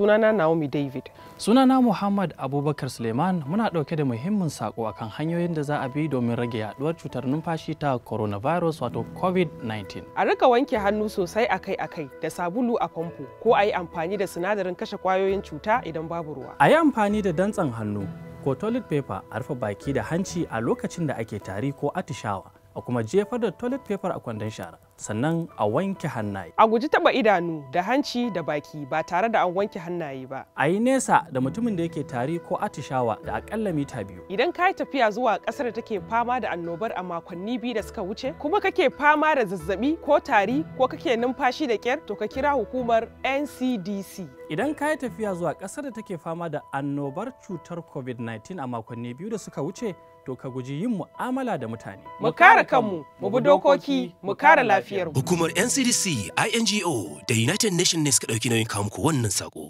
sunana Naomi David. Sunana Muhammad Abubakar Suleiman muna ɗauke da muhimmin sako akan hanyoyin da za a bi domin rage yaduwar cutar numfashi ta coronavirus wato COVID-19. A rika wanke hannu sosai akai-akai da sabulu a famfo ko a yi amfani da sinadarin kashe kwayoyin cuta idan babu ruwa. A yi amfani da dantsan hannu ko toilet paper a rufe baki da hanci a lokacin da ake tari ko atishawa a kuma jefar da toilet paper a kwandon shara. sannan a wanke hannaye. A guji taba idanu da hanci da baki ba tare da an wanke hannaye ba. A yi nesa da mutumin da yake tari ko atishawa da akalla mita biyu. Idan ka yi tafiya zuwa ƙasar da take fama da annobar a makonni biyu da suka wuce, kuma kake fama da zazzabi ko tari ko kake numfashi da ƙyar to ka kira hukumar NCDC. Idan ka yi tafiya zuwa ƙasar da take fama da annobar cutar COVID-19 a makonni biyu da suka wuce, to ka guji yin mu'amala da mutane. Mu kare kanmu, mu bi dokoki, mu kare lafiya. lafiyar hukumar ncdc ingo da united nations ne suka ɗauki nauyin kawo muku wannan sako